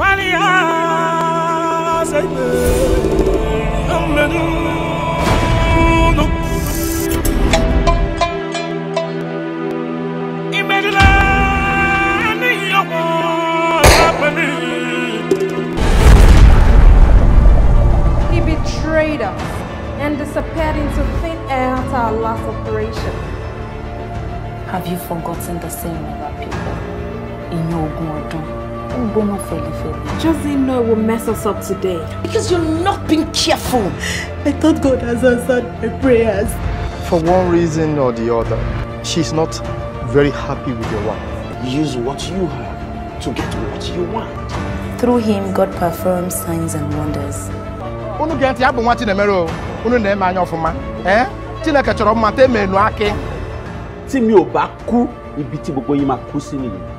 He betrayed us and disappeared into thin air after our last operation. Have you forgotten the saying of our people? In your Ogun Ngoma fairly Just didn't know it would mess us up today. Because you're not being careful. I thought God has answered my prayers. For one reason or the other, she's not very happy with your wife. Use what you have to get what you want. Through him, God performs signs and wonders. Unu abụ Unu Eh?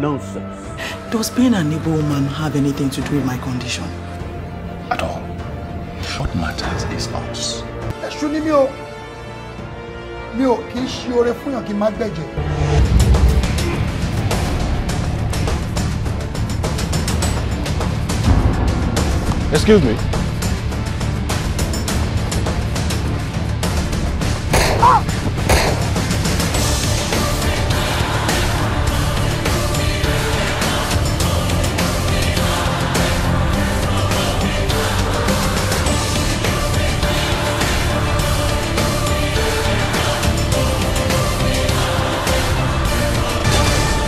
Nonsense. Does being an Igbo woman have anything to do with my condition? At all. What matters is us. Excuse me.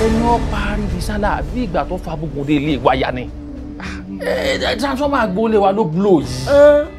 ẹni ọ parí fisálà bí ìgbà tó fa gbogbo dé ilé ìwáyà ni ah. eh, transformer agboolé wa ló blow yìí. Eh.